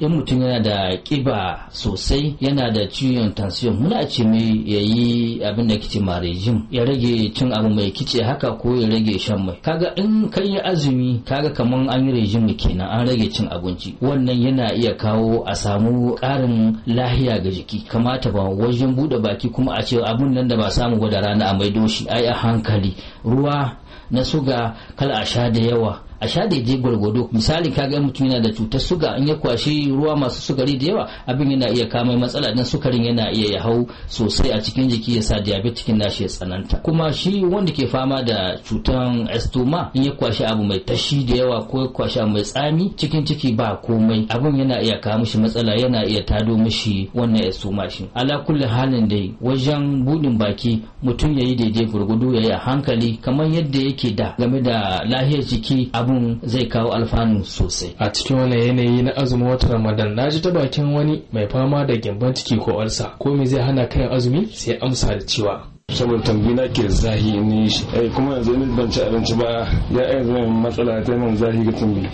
in mutum yana da kiba sosai yana da ciwon tansiyon muna ce mai ya yi abin da kice ma rejim ya rage cin abu mai kice haka ko ya rage shan mai kaga in kai yi azumi kaga kaman an yi rejim kenan an rage cin abinci wannan yana iya kawo a samu karin lahiya ga jiki kamata ba wajen buɗe baki kuma a ce abun nan da ba samu gwada rana a mai doshi ai a hankali ruwa na suga kala a sha da yawa a sha daidai gwargwado misali kaga mutum yana da cutar suga in ya kwashi ruwa masu sukari da yawa abin yana iya kama matsala dan sukarin yana iya ya hau sosai a cikin jiki yasa na shi ya tsananta kuma shi wanda ke fama da cutar estoma in ya kwashi abu mai tashi da yawa ko ya kwashi abu mai tsami cikin ciki ba komai abin yana iya kawo mishi matsala yana iya tado mishi wannan estoma shi ala kulli halin dai wajen budin baki mutum yayi daidai gwargwado yayi a hankali kamar yadda yake da game da lahiyar jiki abu abun zai kawo alfanu sosai a cikin wani yanayi na azumin wata ramadan na ji ta bakin wani mai fama da gyamban ciki ko ulsa ko me zai hana kayan azumi sai amsa da cewa saboda tambayi na ke zahi ne eh, kuma yanzu ban ci abinci ba ya iya matsala ta yin zahi ga tambayi